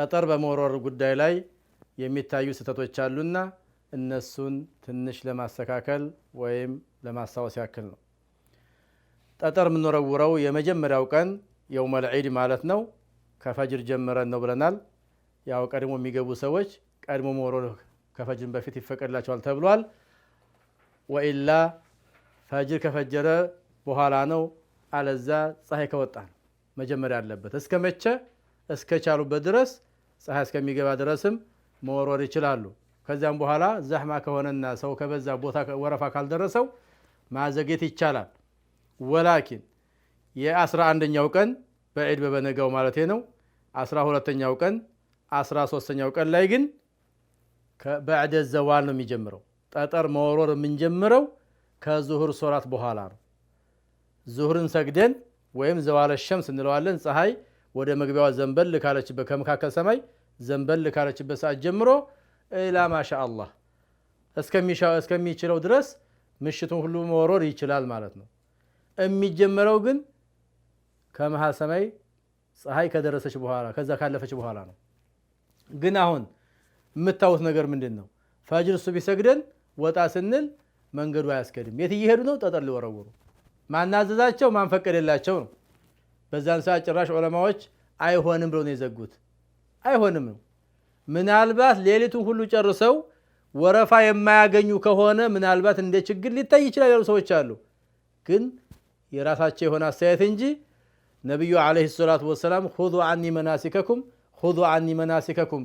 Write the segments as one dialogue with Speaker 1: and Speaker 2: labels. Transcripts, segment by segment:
Speaker 1: ጠጠር በመወርወር ጉዳይ ላይ የሚታዩ ስህተቶች አሉና እነሱን ትንሽ ለማስተካከል ወይም ለማስታወስ ያክል ነው። ጠጠር የምንወረውረው የመጀመሪያው ቀን የውመል ዒድ ማለት ነው። ከፈጅር ጀምረን ነው ብለናል። ያው ቀድሞ የሚገቡ ሰዎች ቀድሞ መወርወር ከፈጅር በፊት ይፈቀድላቸዋል ተብሏል። ወኢላ ፈጅር ከፈጀረ በኋላ ነው። አለዛ ፀሐይ ከወጣ መጀመሪያ አለበት። እስከ መቼ እስከ ቻሉበት ድረስ ፀሐይ እስከሚገባ ድረስም መወርወር ይችላሉ። ከዚያም በኋላ ዛህማ ከሆነና ሰው ከበዛ ቦታ ወረፋ ካልደረሰው ማዘግየት ይቻላል። ወላኪን የአስራ አንደኛው ቀን በዒድ በበነጋው ማለቴ ነው አስራ ሁለተኛው ቀን አስራ ሶስተኛው ቀን ላይ ግን በዕደ ዘዋል ነው የሚጀምረው። ጠጠር መወርወር የምንጀምረው ከዙሁር ሶላት በኋላ ነው። ዙሁርን ሰግደን ወይም ዘዋለ ሸምስ እንለዋለን ፀሐይ ወደ መግቢያዋ ዘንበል ካለችበት ከመካከል ሰማይ ዘንበል ካለችበት ሰዓት ጀምሮ ላ ማሻ አላህ እስከሚችለው ድረስ ምሽቱን ሁሉ መወሮር ይችላል ማለት ነው። የሚጀመረው ግን ከመሃል ሰማይ ፀሐይ ከደረሰች በኋላ ከዛ ካለፈች በኋላ ነው። ግን አሁን የምታዩት ነገር ምንድን ነው? ፈጅር እሱ ቢሰግደን ወጣ ስንል መንገዱ አያስገድም። የት እየሄዱ ነው? ጠጠር ሊወረውሩ ማናዘዛቸው ማንፈቀደላቸው ነው። በዛን ሰዓት ጭራሽ ዑለማዎች አይሆንም ብለው ነው የዘጉት። አይሆንም ነው። ምናልባት ሌሊቱን ሁሉ ጨርሰው ወረፋ የማያገኙ ከሆነ ምናልባት እንደ ችግር ሊታይ ይችላል ያሉ ሰዎች አሉ። ግን የራሳቸው የሆነ አስተያየት እንጂ ነቢዩ ዓለይሂ ሰላቱ ወሰላም ሁዙ አኒ መናሲከኩም ሁዙ አኒ መናሲከኩም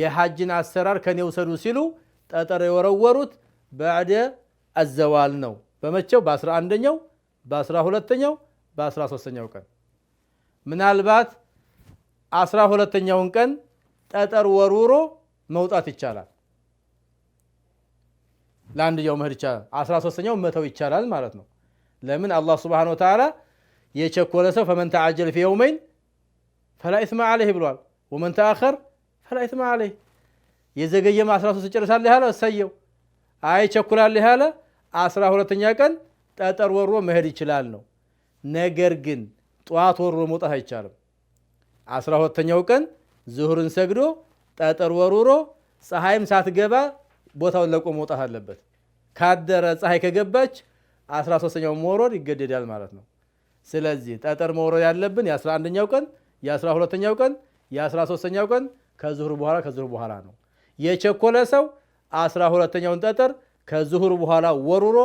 Speaker 1: የሐጅን አሰራር ከኔ ውሰዱ ሲሉ ጠጠር የወረወሩት በዕደ አዘዋል ነው። በመቼው በአስራ አንደኛው በአስራ ሁለተኛው በአስራ ሶስተኛው ቀን ምናልባት አስራ ሁለተኛውን ቀን ጠጠር ወርውሮ መውጣት ይቻላል። ለአንድኛው መሄድ ይቻላል። አስራ ሶስተኛው መተው ይቻላል ማለት ነው። ለምን አላህ ስብሓነሁ ወተዓላ የቸኮለ ሰው ፈመን ተዓጀል ፊ የውመይን ፈላ ኢስማ ዓለይህ ብሏል። ወመን ተአኸር ፈላ ኢስማ ዓለይህ። የዘገየም አስራ ሶስት ጨርሳለህ ያለ እሰየው፣ አይ ቸኩላለህ ያለ አስራ ሁለተኛ ቀን ጠጠር ወሮ መሄድ ይችላል ነው ነገር ግን ጠዋት ወሮ መውጣት አይቻልም። አስራ ሁለተኛው ቀን ዝሁርን ሰግዶ ጠጠር ወርውሮ ፀሐይም ሳትገባ ቦታውን ለቆ መውጣት አለበት። ካደረ ፀሐይ ከገባች አስራ ሶስተኛው መውረድ ይገደዳል ማለት ነው። ስለዚህ ጠጠር መውረድ ያለብን የአስራ አንደኛው ቀን፣ የአስራ ሁለተኛው ቀን፣ የአስራ ሶስተኛው ቀን ከዙሁር በኋላ ከዙሁር በኋላ ነው። የቸኮለ ሰው አስራ ሁለተኛውን ጠጠር ከዙሁር በኋላ ወርውሮ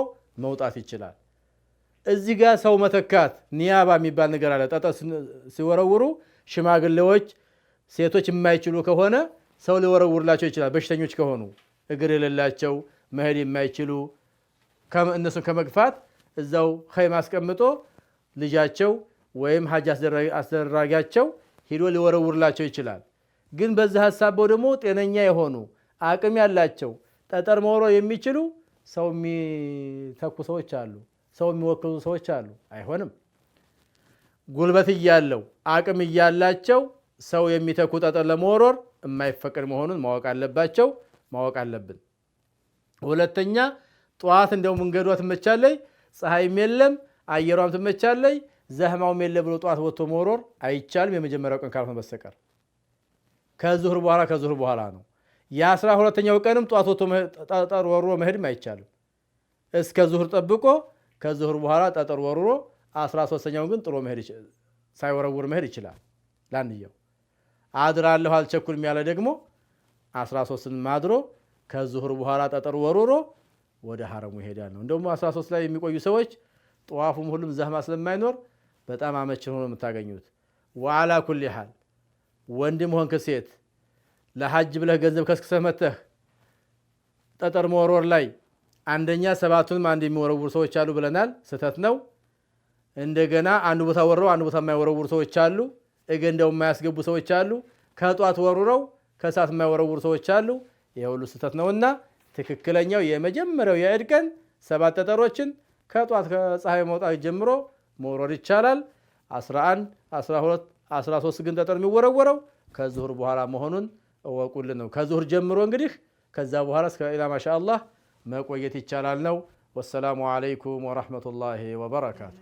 Speaker 1: መውጣት ይችላል። እዚህ ጋር ሰው መተካት ኒያባ የሚባል ነገር አለ። ጠጠር ሲወረውሩ ሽማግሌዎች፣ ሴቶች የማይችሉ ከሆነ ሰው ሊወረውርላቸው ይችላል። በሽተኞች ከሆኑ እግር የሌላቸው መሄድ የማይችሉ እነሱን ከመግፋት እዛው ኸይም አስቀምጦ ልጃቸው ወይም ሀጅ አስደራጊያቸው ሂዶ ሊወረውርላቸው ይችላል። ግን በዚህ ሀሳበው ደግሞ ጤነኛ የሆኑ አቅም ያላቸው ጠጠር መውረው የሚችሉ ሰው የሚተኩ ሰዎች አሉ። ሰው የሚወክሉ ሰዎች አሉ። አይሆንም። ጉልበት እያለው አቅም እያላቸው ሰው የሚተኩ ጠጠር ለመወርወር የማይፈቅድ መሆኑን ማወቅ አለባቸው፣ ማወቅ አለብን። ሁለተኛ ጠዋት እንደው መንገዷ ትመቻለይ፣ ፀሐይም የለም አየሯም ትመቻለይ፣ ዘህማውም የለ ብሎ ጠዋት ወጥቶ መወርወር አይቻልም፣ የመጀመሪያው ቀን ካልሆነ በስተቀር ከዙህር በኋላ ከዙህር በኋላ ነው። የአስራ ሁለተኛው ቀንም ጠዋት ወጥቶ ጠጠር መሄድም አይቻልም። እስከ ዙህር ጠብቆ ከዝሁር በኋላ ጠጠር ወርሮ አስራ ሶስተኛውን ግን ጥሎ መሄድ ሳይወረውር መሄድ ይችላል። ለአንድየው አድራለሁ አልቸኩልም ያለ ደግሞ አስራ ሶስትን ማድሮ ከዝሁር በኋላ ጠጠር ወርሮ ወደ ሀረሙ ይሄዳል ነው። እንደውም አስራ ሶስት ላይ የሚቆዩ ሰዎች ጠዋፉም ሁሉም ዛህማ ስለማይኖር በጣም አመችን ሆኖ የምታገኙት። ዋላ ኩል ያህል ወንድም ሆንክ ሴት ለሀጅ ብለህ ገንዘብ ከስክሰህ መተህ ጠጠር መወርወር ላይ አንደኛ ሰባቱንም አንድ የሚወረውሩ ሰዎች አሉ ብለናል። ስህተት ነው። እንደገና አንድ ቦታ ወርረው አንድ ቦታ የማይወረውሩ ሰዎች አሉ። እገንዳው የማያስገቡ ሰዎች አሉ። ከጧት ወርረው ከሰዓት የማይወረውሩ ሰዎች አሉ። ይህ ሁሉ ስህተት ነውና ትክክለኛው የመጀመሪያው የዒድ ቀን ሰባት ጠጠሮችን ከጧት ከፀሐይ መውጣት ጀምሮ መውረድ ይቻላል። 11፣ 12፣ 13 ግን ጠጠር የሚወረወረው ከዙሁር በኋላ መሆኑን እወቁልን ነው። ከዙሁር ጀምሮ እንግዲህ ከዛ በኋላ እስከ ኢላ ማሻ አላህ መቆየት ይቻላል ነው። ወሰላሙ አለይኩም ወረህመቱላሂ ወበረካቱ።